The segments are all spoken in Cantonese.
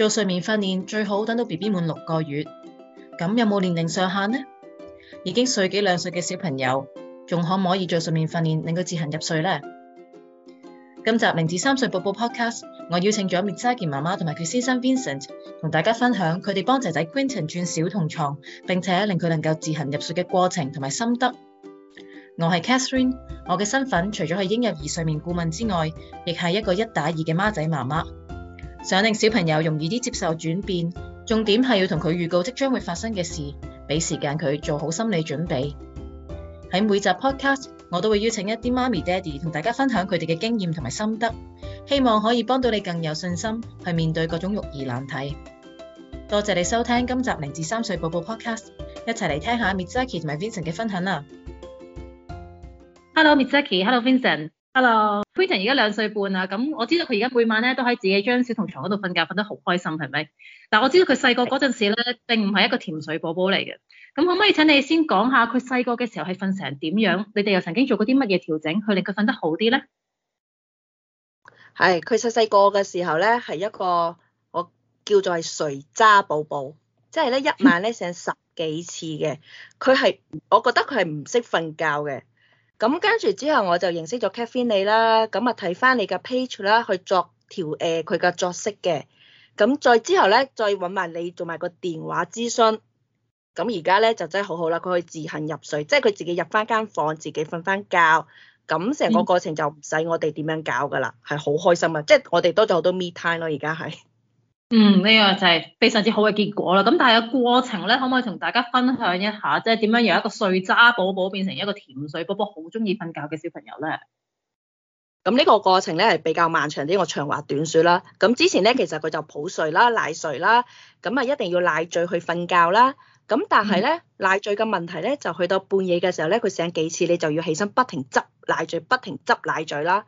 做睡眠訓練最好等到 B B 滿六個月，咁有冇年齡上限呢？已經歲幾兩歲嘅小朋友，仲可唔可以做睡眠訓練，令佢自行入睡呢？今集零至三歲寶寶 Podcast，我邀請咗 Mitsaki 嘅媽媽同埋佢先生 Vincent，同大家分享，佢哋幫仔仔 Quentin 轉小童床，並且令佢能夠自行入睡嘅過程同埋心得。我係 Catherine，我嘅身份除咗係嬰幼兒睡眠顧問之外，亦係一個一打二嘅媽仔媽媽。想令小朋友容易啲接受轉變，重點係要同佢預告即將會發生嘅事，俾時間佢做好心理準備。喺每集 podcast，我都會邀請一啲媽咪、爹哋同大家分享佢哋嘅經驗同埋心得，希望可以幫到你更有信心去面對各種育兒難題。多謝你收聽今集零至三歲寶寶 podcast，一齊嚟聽下 Mitsaki 同埋 Vincent 嘅分享啦。Hello，Mitsaki，Hello，Vincent。Hello，Quentin 而家兩歲半啦，咁我知道佢而家每晚咧都喺自己張小童床嗰度瞓覺，瞓得好開心，係咪？但我知道佢細個嗰陣時咧，並唔係一個甜睡寶寶嚟嘅。咁可唔可以請你先講下佢細個嘅時候係瞓成點樣？你哋又曾經做過啲乜嘢調整，去令佢瞓得好啲咧？係，佢細細個嘅時候咧，係一個我叫做係睡渣寶寶，即係咧一晚咧成十幾次嘅，佢係， 我覺得佢係唔識瞓覺嘅。咁跟住之後，我就認識咗 Catfin 你啦。咁啊，睇翻你嘅 page 啦，去作調誒佢嘅作息嘅。咁再之後咧，再揾埋你做埋個電話諮詢。咁而家咧就真係好好啦，佢可以自行入睡，即係佢自己入翻間房，自己瞓翻覺。咁成個過程就唔使我哋點樣搞㗎啦，係好、嗯、開心啊！即係我哋多咗好多 me time 咯，而家係。嗯，呢個就係非常之好嘅結果啦。咁但係個過程咧，可唔可以同大家分享一下，即係點樣由一個睡渣寶寶變成一個甜睡寶寶，好中意瞓覺嘅小朋友咧？咁呢個過程咧係比較漫長啲，我長話短說啦。咁之前咧，其實佢就抱睡啦，奶睡啦，咁啊一定要奶嘴去瞓覺啦。咁但係咧，奶嘴嘅問題咧，就去到半夜嘅時候咧，佢醒幾次，你就要起身不停執奶嘴，不停執奶嘴啦。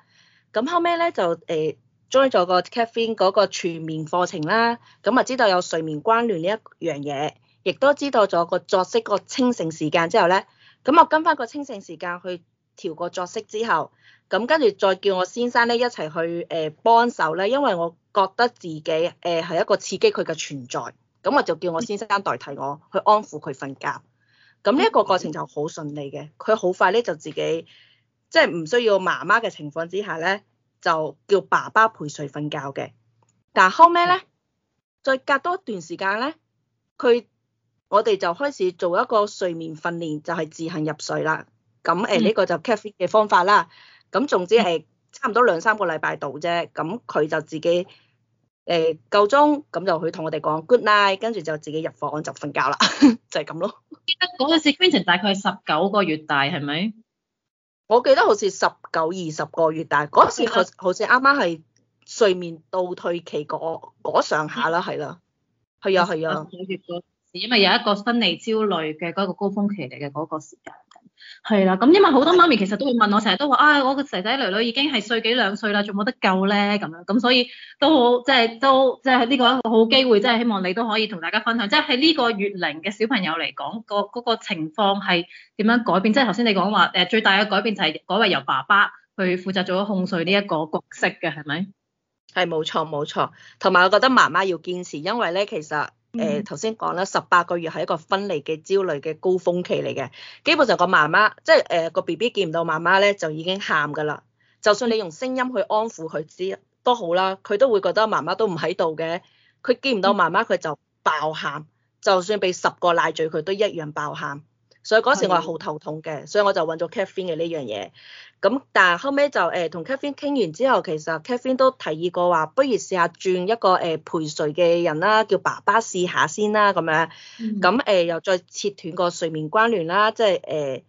咁後尾咧就誒。欸追咗個 caffeine 嗰個全面課程啦，咁啊知道有睡眠關聯呢一樣嘢，亦都知道咗個作息、個清醒時間之後咧，咁我跟翻個清醒時間去調個作息之後，咁跟住再叫我先生咧一齊去誒、呃、幫手咧，因為我覺得自己誒係、呃、一個刺激佢嘅存在，咁我就叫我先生代替我、嗯、去安撫佢瞓覺，咁呢一個過程就好順利嘅，佢好快咧就自己即係唔需要媽媽嘅情況之下咧，就叫爸爸陪睡瞓覺嘅，但後尾咧，再隔多一段時間咧，佢我哋就開始做一個睡眠訓練，就係、是、自行入睡啦。咁誒，呢、呃這個就 Cafe 嘅方法啦。咁總之係差唔多兩三個禮拜度啫。咁佢就自己誒夠鐘，咁、呃、就去同我哋講 Good Night，跟住就自己入房就瞓覺啦， 就係咁咯。記得嗰陣時 Quentin 大概十九個月大，係咪？我記得好似十九、二十個月，但係嗰時佢好似啱啱係睡眠倒退期嗰上下啦，係啦，係啊，係啊，因為有一個分離焦慮嘅嗰個高峰期嚟嘅嗰個時間。係啦，咁因為好多媽咪其實都會問我，成日都話啊、哎，我個仔仔女女已經係歲幾兩歲啦，仲冇得救咧咁樣，咁所以都好即係都即係呢個好機會，即係希望你都可以同大家分享，即係喺呢個月齡嘅小朋友嚟講，個嗰、嗰個情況係點樣改變？即係頭先你講話誒，最大嘅改變就係改為由爸爸去負責做咗哄睡呢一個角色嘅，係咪？係冇錯冇錯，同埋我覺得媽媽要堅持，因為咧其實。誒頭先講啦，十八、嗯、個月係一個分離嘅焦慮嘅高峰期嚟嘅，基本上個媽媽即係誒個 BB 見唔到媽媽咧，就已經喊㗎啦。就算你用聲音去安撫佢知都好啦，佢都會覺得媽媽都唔喺度嘅。佢見唔到媽媽，佢就爆喊。就算俾十個奶嘴，佢都一樣爆喊。所以嗰時我係好頭痛嘅，所以我就揾咗 Caffeine 嘅呢樣嘢。咁但係後尾就誒同 Caffeine 傾完之後，其實 Caffeine 都提議過話，不如試下轉一個誒陪睡嘅人啦，叫爸爸試下先啦咁樣。咁誒又再切斷個睡眠關聯啦，即係誒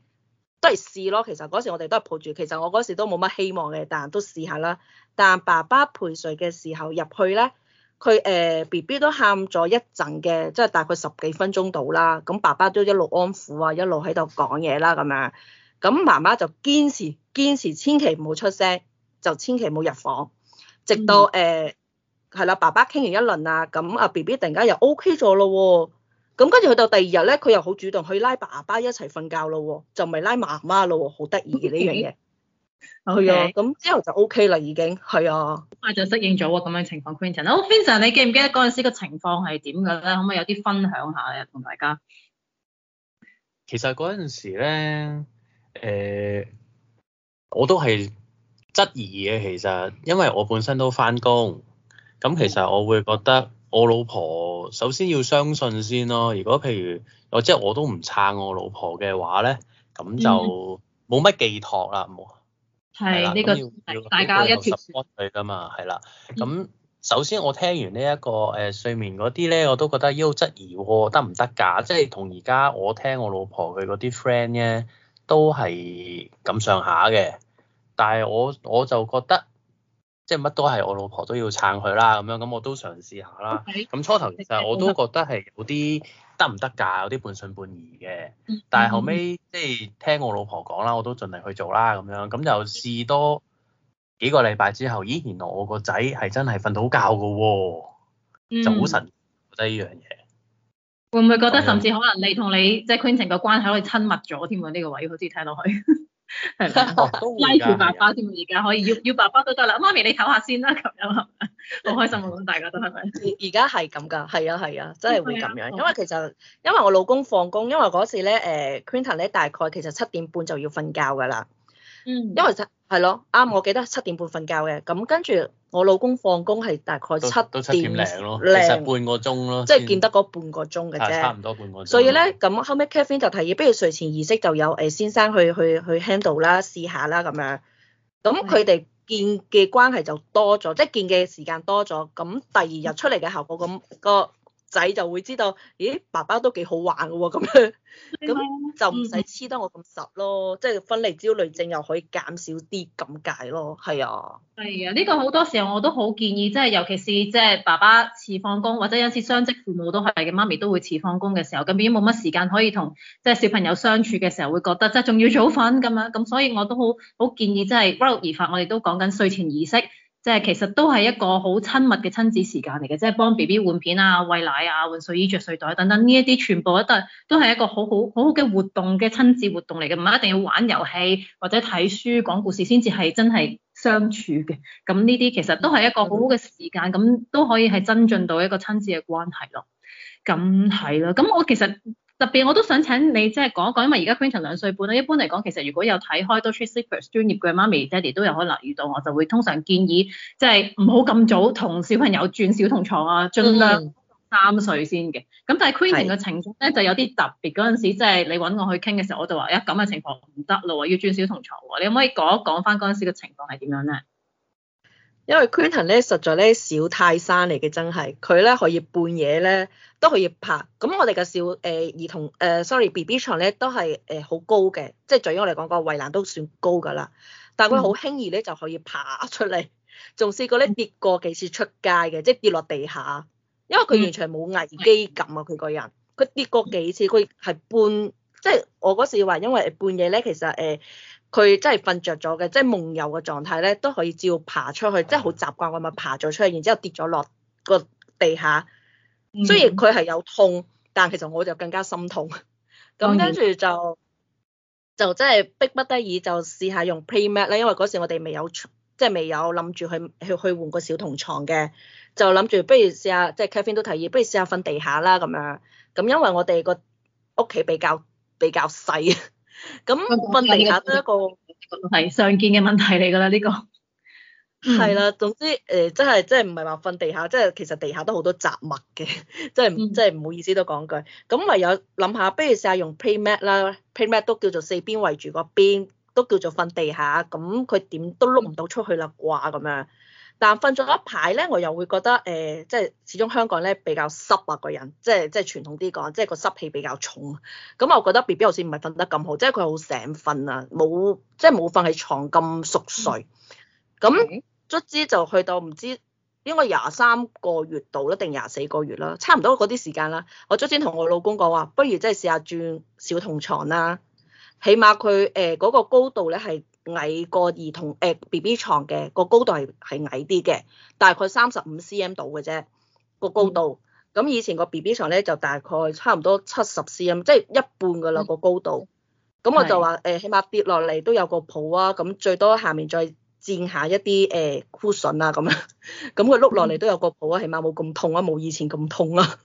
都係試咯。其實嗰時我哋都係抱住，其實我嗰時都冇乜希望嘅，但都試下啦。但爸爸陪睡嘅時候入去咧。佢誒 B B 都喊咗一陣嘅，即係大概十幾分鐘到啦。咁爸爸都一路安撫啊，一路喺度講嘢啦咁樣。咁媽媽就堅持堅持，千祈唔好出聲，就千祈唔好入房，直到誒係啦。爸爸傾完一輪啊，咁阿 B B 突然間又 O K 咗咯喎。咁跟住去到第二日咧，佢又好主動去拉爸爸一齊瞓覺咯喎，就唔係拉媽媽咯喎，好得意嘅呢樣嘢。Mm hmm. 係啊，咁 Okay.、嗯、之後就 OK 啦，已經係啊，快就適應咗喎。咁樣情況 Quentin，好，Vincent，你記唔記得嗰陣時個情況係點嘅咧？可唔可以有啲分享下嘅同大家？其實嗰陣時咧，誒、呃，我都係質疑嘅。其實因為我本身都翻工，咁其實我會覺得我老婆首先要相信先咯。如果譬如我即係我都唔撐我老婆嘅話咧，咁就冇乜寄託啦，冇、mm。Hmm. 係呢、這個，要大家一條。去㗎嘛，係啦、嗯。咁首先我聽完呢、這、一個誒、呃、睡眠嗰啲咧，我都覺得好質疑喎，得唔得㗎？即係、嗯、同而家我聽我老婆佢嗰啲 friend 咧，都係咁上下嘅。但係我我就覺得，即係乜都係我老婆都要撐佢啦咁樣，咁我都嘗試下啦。咁 Okay, 初頭其實我都覺得係有啲。得唔得㗎？有啲半信半疑嘅，但係後尾，嗯、即係聽我老婆講啦，我都盡力去做啦咁樣，咁就試多幾個禮拜之後，咦、哦，原來我個仔係真係瞓到覺㗎喎，就好神覺得呢樣嘢。會唔會覺得甚至可能你同你即係、就是、Quentin 嘅關係可以親密咗添喎？呢個位好似聽落去。 係，拉住爸爸添，而家可以要要爸爸都得啦。媽咪你唞下先啦，咁樣好開心喎，咁 大家都係咪？而家係咁㗎，係啊，係啊，啊，真係會咁樣。啊、因為其實因為我老公放工，因為嗰時咧誒 Quentin 咧大概其實七點半就要瞓覺㗎啦。嗯，因為係咯，啱我記得七點半瞓覺嘅。咁跟住。我老公放工係大概七，到七點零咯，其實半個鐘咯，即係見得嗰半個鐘嘅啫，差唔多半個鐘。所以咧，咁後尾 Catherine 就提議，不如睡前儀式就有誒先生去去去 handle 啦，試下啦咁樣。咁佢哋見嘅關係就多咗，的即係見嘅時間多咗。咁第二日出嚟嘅效果咁、咁個仔就會知道，咦，爸爸都幾好玩嘅喎、哦，咁樣，咁嗎就唔使黐得我咁實咯，嗯、即係分離焦慮症又可以減少啲咁解咯，係啊，係啊，呢、這個好多時候我都好建議，即係尤其是即係爸爸遲放工或者有時雙職父母都係嘅，媽咪都會遲放工嘅時候，咁已經冇乜時間可以同即係小朋友相處嘅時候，會覺得即係仲要早瞓咁樣，咁所以我都好好建議，即係屈伏而發，我哋都講緊睡前儀式。即係其實都係一個好親密嘅親子時間嚟嘅，即係幫 BB 換片啊、餵奶啊、換睡衣、着睡袋等等呢一啲，全部都係都係一個好好好好嘅活動嘅親子活動嚟嘅，唔係一定要玩遊戲或者睇書講故事先至係真係相處嘅。咁呢啲其實都係一個好好嘅時間，咁都可以係增進到一個親子嘅關係咯。咁係咯，咁我其實～特別我都想請你即係講一講，因為而家 Quentin 兩歲半啦。一般嚟講，其實如果有睇開多處 Secrets 專業嘅媽咪、爹哋，都有可能遇到我，就會通常建議即係唔好咁早同小朋友轉小童床啊，盡量三歲先嘅。咁但係 Quentin 嘅情況咧的就有啲特別，嗰陣時即係、就是、你揾我去傾嘅時候，我就話，一咁嘅情況唔得咯，要轉小童床喎、啊。你可唔可以講一講翻嗰陣時嘅情況係點樣咧？因為 Quentin 咧實在咧小泰山嚟嘅，真係佢咧可以半夜咧都可以爬。咁我哋嘅小誒、呃、兒童誒、呃、，sorry，B B 床咧都係誒好高嘅，即係對於我嚟講個圍欄都算高㗎啦、就是呃。但佢好輕易咧就可以爬出嚟，仲試過咧跌過幾次出街嘅，即係跌落地下。因為佢完全冇危機感啊！佢個人，佢跌過幾次，佢係半即係、就是、我嗰時話，因為半夜咧其實誒。呃佢真係瞓着咗嘅，即係夢遊嘅狀態咧，都可以照爬出去，即係好習慣咁啊爬咗出去，然之後跌咗落個地下。雖然佢係有痛，但其實我就更加心痛。咁跟住就就真係逼不得已就 mat，就試下用 play mat 啦，因為嗰時我哋未有即係未有諗住去去去換個小童床嘅，就諗住不如試下，即係 Kevin 都提議，不如試下瞓地下啦咁樣。咁因為我哋個屋企比較比較細。咁瞓地下都一個問題，常見嘅問題嚟噶啦，呢、這個係啦、嗯，總之誒，即係即係唔係話瞓地下，即係其實地下都好多雜物嘅，即係即係唔好意思都講句，咁唯有諗下，不如試下用 play mat 啦，play mat 都叫做四邊圍住個邊，都叫做瞓地下，咁佢點都碌唔到出去啦啩咁樣。但瞓咗一排咧，我又會覺得誒，即、呃、係始終香港咧比較濕啊，個人即係即係傳統啲講，即係個濕氣比較重啊。咁我覺得 B B 好似唔係瞓得咁好，即係佢好醒瞓啊，冇即係冇瞓喺床咁熟睡。咁卒之就去到唔知應該廿三個月度啦，定廿四個月啦，差唔多嗰啲時間啦。我卒之同我老公講話，不如即係試下轉小童床啦，起碼佢誒嗰個高度咧係，矮個兒童誒、呃、B B 床嘅個高度係係矮啲嘅，大概三十五 C M 度嘅啫個高度。咁、嗯、以前個 B B 床咧就大概差唔多七十 C M，即係一半嘅啦個高度。咁、嗯、我就話誒是、欸，起碼跌落嚟都有個抱啊。咁最多下面再墊下一啲誒 cushion 啊咁樣。咁佢碌落嚟都有個抱啊，嗯、起碼冇咁痛啊，冇以前咁痛啊。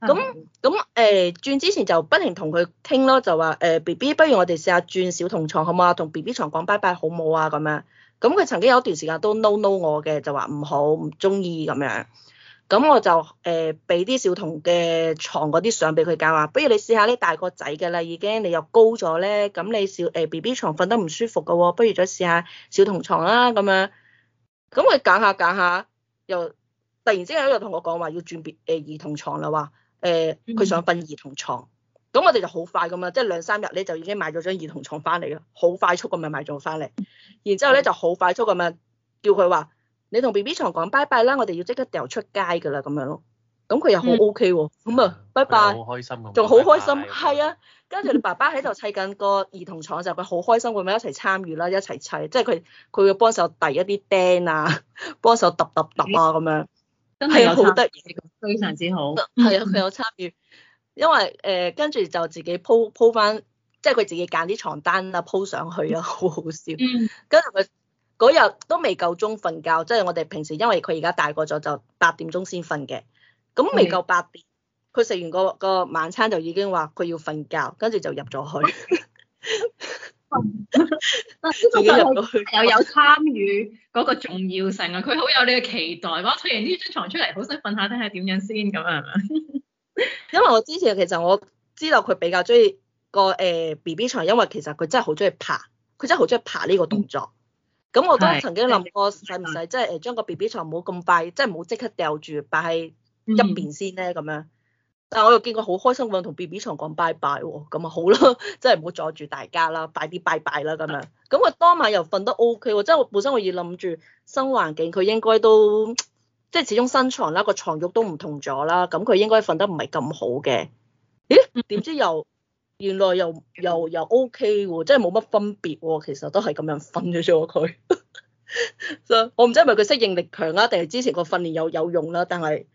咁咁誒轉之前就不停同佢傾咯，就話誒 B B 不如我哋試下轉小童床好唔好啊？同 B B 床講拜拜好唔好啊？咁樣。咁佢曾經有一段時間都 no no 我嘅，就話唔好唔中意咁樣。咁我就誒俾啲小童嘅床嗰啲相俾佢揀啊，不如你試下呢大個仔嘅啦，已經你又高咗咧，咁你小誒 B B 床瞓得唔舒服嘅喎，不如再試下小童床啦咁樣。咁佢揀下揀下，又突然之間又同我講話要轉別誒、欸、兒童床啦話。誒，佢想瞓兒童床，咁我哋就好快咁啊，即係兩三日咧就已經買咗張兒童床翻嚟啦，好快速咁咪買咗翻嚟。然之後咧就好快速咁樣叫佢話：你同 B B 床講拜拜啦，我哋要即刻掉出街㗎啦咁樣。咁佢又好 O K 喎，咁啊、嗯、拜拜，好開心仲好開心，係啊。跟住你爸爸喺度砌緊個兒童床，就佢好開心咁樣一齊參與啦，一齊砌，即係佢佢會幫手遞一啲釘啊，幫手揼揼揼啊咁樣。係好得意，非常之好。係啊， 佢有參與，因為誒，跟、呃、住就自己鋪鋪返，即係佢自己揀啲床單啊鋪上去啊，好好笑。跟住佢嗰日都未夠鐘瞓覺，即、就、係、是、我哋平時因為佢而家大個咗就八點鐘先瞓嘅，咁未夠八點，佢食、嗯、完個個晚餐就已經話佢要瞓覺，跟住就入咗去。嗯 又 有參與嗰個重要性啊！佢好 有呢個期待，我退完呢張床出嚟，好想瞓下睇下點樣先咁，係咪？ 因為我之前其實我知道佢比較中意個誒 B B 床，因為其實佢真係好中意爬，佢真係好中意爬呢個動作。咁我都曾經諗過，使唔使即係誒將個 B B 床唔好咁快，即係唔好即刻掉住，擺喺一邊先咧咁啊？嗯。但我又見過好開心咁樣同 B B 床講拜拜喎、哦，咁啊好咯，真係唔好阻住大家啦，快啲拜拜啦咁樣。咁佢當晚又瞓得 O K 喎，即係我本身我要諗住新環境佢應該都即係始終新床啦，個床褥都唔同咗啦，咁佢應該瞓得唔係咁好嘅。咦？點知又原來又又又 O K 喎，真係冇乜分別喎、哦，其實都係咁樣瞓咗咗。佢。 我唔知係咪佢適應力強啦，定係之前個訓練有有用啦，但係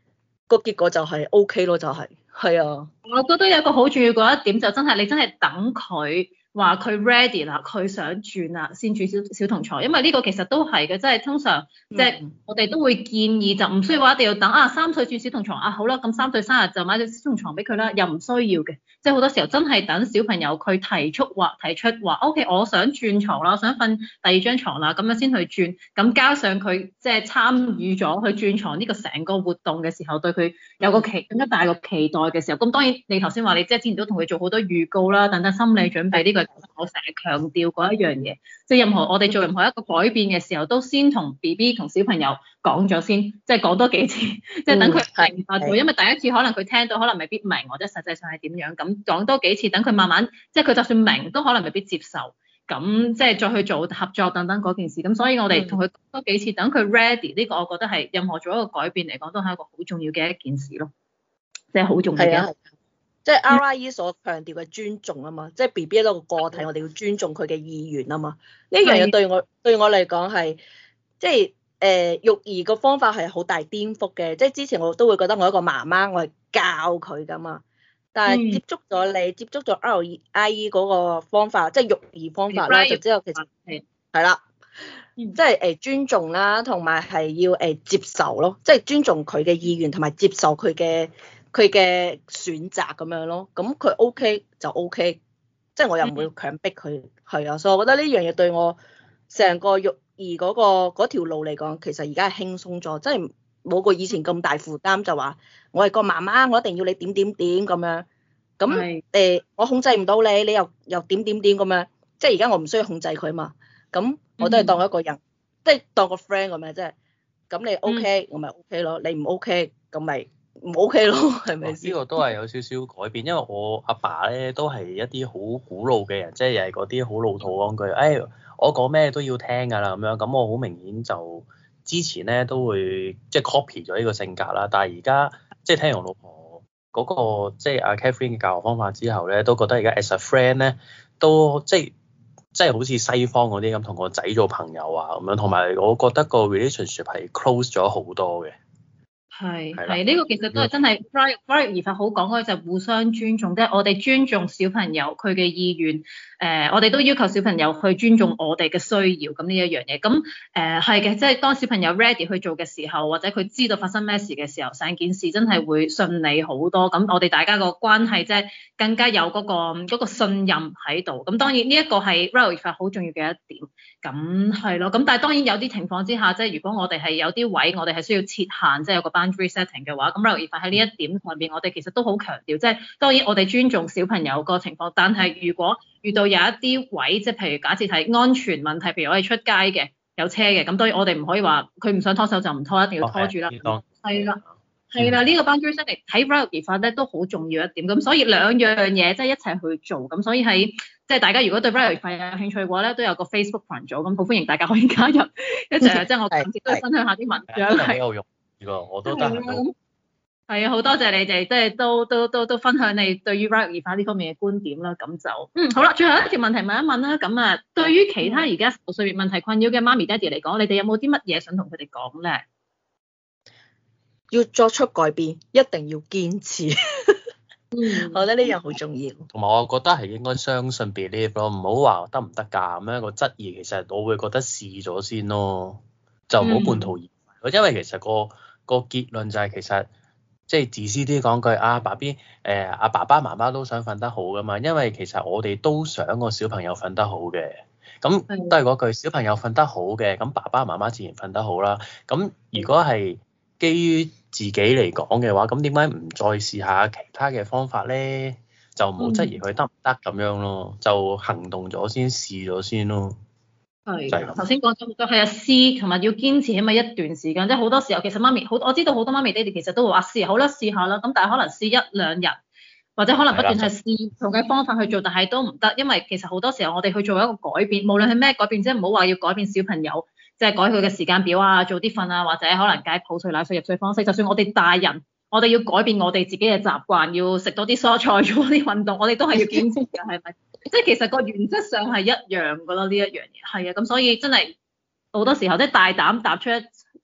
個結果就係 O K 咯，就係、是。係啊，我覺得有一個好重要嘅一點就真係，你真係等佢，話佢 ready 啦，佢想轉啦，先轉小小童床，因為呢個其實都係嘅，即係通常即係我哋都會建議就唔需要話一定要等啊三歲轉小童床啊好啦，咁三歲生日就買對小童床俾佢啦，又唔需要嘅，即係好多時候真係等小朋友佢提出話提出話，OK，我想轉床啦，我想瞓第二張床啦，咁樣先去轉，咁加上佢即係參與咗去轉床呢個成個活動嘅時候，對佢有個期更加大個期待嘅時候，咁當然你頭先話你即係之前都同佢做好多預告啦，等等心理準備呢個。我成日強調嗰一樣嘢，即係任何我哋做任何一個改變嘅時候，都先同 BB 同小朋友講咗先，即係講多幾次，即係等佢明白。嗯，因為第一次可能佢聽到，可能未必明或者實際上係點樣。咁講多幾次，等佢慢慢，即係佢就算明，都可能未必接受。咁即係再去做合作等等嗰件事。咁所以我哋同佢講多幾次，等佢 ready 呢個，我覺得係任何做一個改變嚟講，都係一個好重要嘅一件事咯，即係好重要嘅。即係 R I E 所強調嘅尊重啊嘛，即係 B B 一個個體，我哋要尊重佢嘅意願啊嘛。呢樣嘢對我對我嚟講係，即係誒育兒個方法係好大顛覆嘅。即係之前我都會覺得我一個媽媽，我係教佢噶嘛。但係接觸咗你、嗯、接觸咗 R I E 嗰個方法，即係育兒方法咧的，就之後其實係係啦，即係誒尊重啦，同埋係要誒、呃、接受咯，即係尊重佢嘅意願同埋接受佢嘅。佢嘅選擇咁樣咯，咁佢 O K 就 O K，即係我又唔會強迫佢。係啊、mm，hmm. 所以我覺得呢樣嘢對我成個育兒嗰、嗰個條路嚟講，其實而家係輕鬆咗，即係冇過以前咁大負擔。就話我係個媽媽，我一定要你點點點咁樣。咁誒、mm hmm. 呃，我控制唔到你，你又又點點點咁樣。即係而家我唔需要控制佢嘛。咁我都係當一個人，mm hmm. 即係當個 friend 咁樣啫。咁你 O、OK, K，、mm hmm. 我咪 O K 咯。你唔 O K，咁咪。唔 OK 咯，係咪？呢個都係有少少改變，因為我阿爸咧都係一啲好古老嘅人，即係又係嗰啲好老土講句，誒、哎、我講咩都要聽㗎啦咁樣。咁我好明顯就之前咧都會即係、就是、copy 咗呢個性格啦。但係而家即係聽完我老婆嗰、那個即係、就、阿、是、Katherine 嘅教學方法之後咧，都覺得而家 as a friend 咧都即係即係好似西方嗰啲咁同個仔做朋友啊咁樣。同埋我覺得個 relationship 係 close 咗好多嘅。係係呢個，其實都係真係 try try 而發好講嘅，就互相尊重即係、就是、我哋尊重小朋友佢嘅意願。誒、呃，我哋都要求小朋友去尊重我哋嘅需要，咁呢一樣嘢，咁誒係嘅，即係當小朋友 ready 去做嘅時候，或者佢知道發生咩事嘅時候，成件事真係會順利好多，咁我哋大家個關係即係更加有嗰個、嗰個信任喺度，咁當然呢一個係 RIE 法好重要嘅一點，咁係咯，咁但係當然有啲情況之下，即係如果我哋係有啲位，我哋係需要設限，即係有個 boundary setting 嘅話，咁 RIE 法喺呢一點上面，我哋其實都好強調，即係當然我哋尊重小朋友個情況，但係如果遇到有一啲位，即係譬如假設係安全問題，譬如我哋出街嘅，有車嘅，咁當然我哋唔可以話佢唔想拖手就唔拖，一定要拖住啦。係啦、哦，係啦，呢個 boundary setting 喺 realty 法咧都好重要一點，咁所以兩樣嘢即係一齊去做，咁所以係即係大家如果對 realty 有興趣嘅話咧，都有個 Facebook 羣組，咁好歡迎大家可以加入一齊，即係的我哋今次都分享下啲文章。我都得。係啊，好多謝你哋，即係都都都都分享你對於 right e 呢方面嘅觀點啦。咁就嗯好啦，最後一條問題問一問啦。咁啊，對於其他而家睡眠問題困擾嘅媽咪爹哋嚟講，你哋有冇啲乜嘢想同佢哋講咧要作出改變，一定要堅持。 嗯，我覺得呢樣好重要。同埋，我覺得係應該相信 believe 咯，唔好話得唔得噶咁樣個質疑。其實我會覺得試咗先咯，就唔好半途而廢。因為其實、嗰個，嗰個結論就係其實。即係自私啲講句啊，爸 B，誒阿爸爸媽媽都想瞓得好㗎嘛，因為其實我哋都想個小朋友瞓得好嘅，咁都係嗰句小朋友瞓得好嘅，咁爸爸媽媽自然瞓得好啦。咁如果係基於自己嚟講嘅話，咁點解唔再試下其他嘅方法咧？就唔好質疑佢得唔得咁樣咯，就行動咗先試咗先咯。係，頭先講咗好多，係啊，試同埋要堅持起碼一段時間，即係好多時候其實媽咪好，我知道好多媽咪爹哋其實都會話試，好啦試下啦，咁但係可能試一兩日，或者可能不斷係試唔同嘅方法去做，但係都唔得，因為其實好多時候我哋去做一個改變，無論係咩改變啫，唔好話要改變小朋友，即係改佢嘅時間表啊，早啲瞓啊，或者可能解抱睡、奶睡、入睡方式，就算我哋大人，我哋要改變我哋自己嘅習慣，要食多啲蔬菜，做多啲運動，我哋都係要堅持嘅，係咪？ 即係其實個原則上係一樣噶咯，呢一樣嘢，係啊，咁所以真係好多時候即係大膽踏出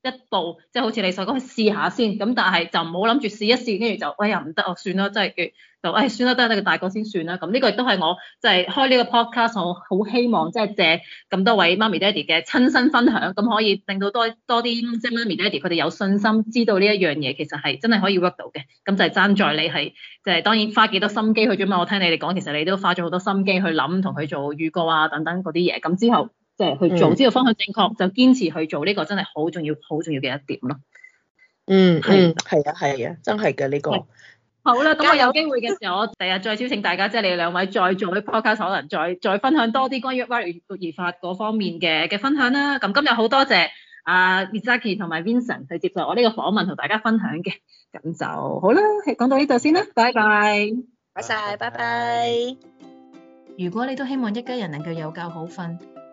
一步，即係好似你所講，去試下先。咁但係就唔好諗住試一試，跟住就，哎呀唔得哦，算啦，真係，就，哎，算啦，得得，大個先算啦。咁呢個亦都係我即係開呢個 podcast，我好希望即係借咁多位媽咪爹哋嘅親身分享，咁可以令到多多啲即係媽咪爹哋佢哋有信心，知道呢一樣嘢其實係真係可以 work 到嘅。咁就係爭在你係，就係當然花幾多心機去啫嘛。我聽你哋講，其實你都花咗好多心機去諗同佢做預告啊，等等嗰啲嘢。咁之後。即係去做，知道方向正確，嗯、就堅持去做呢個真係好重要、好重要嘅一點咯、嗯。嗯，係，係啊，係啊，真係嘅呢個。好啦，咁我有機會嘅時候，我第日再邀請大家即係你哋兩位再做啲 podcast，可能再再分享多啲關於 value value 發嗰方面嘅嘅分享啦。咁今日好多謝啊 Mitsaki 同埋 Vincent 去接受我呢個訪問同大家分享嘅，咁就好啦。講到呢度先啦，拜拜。唔該晒，拜拜。拜拜。如果你都希望一家人能夠有覺好瞓，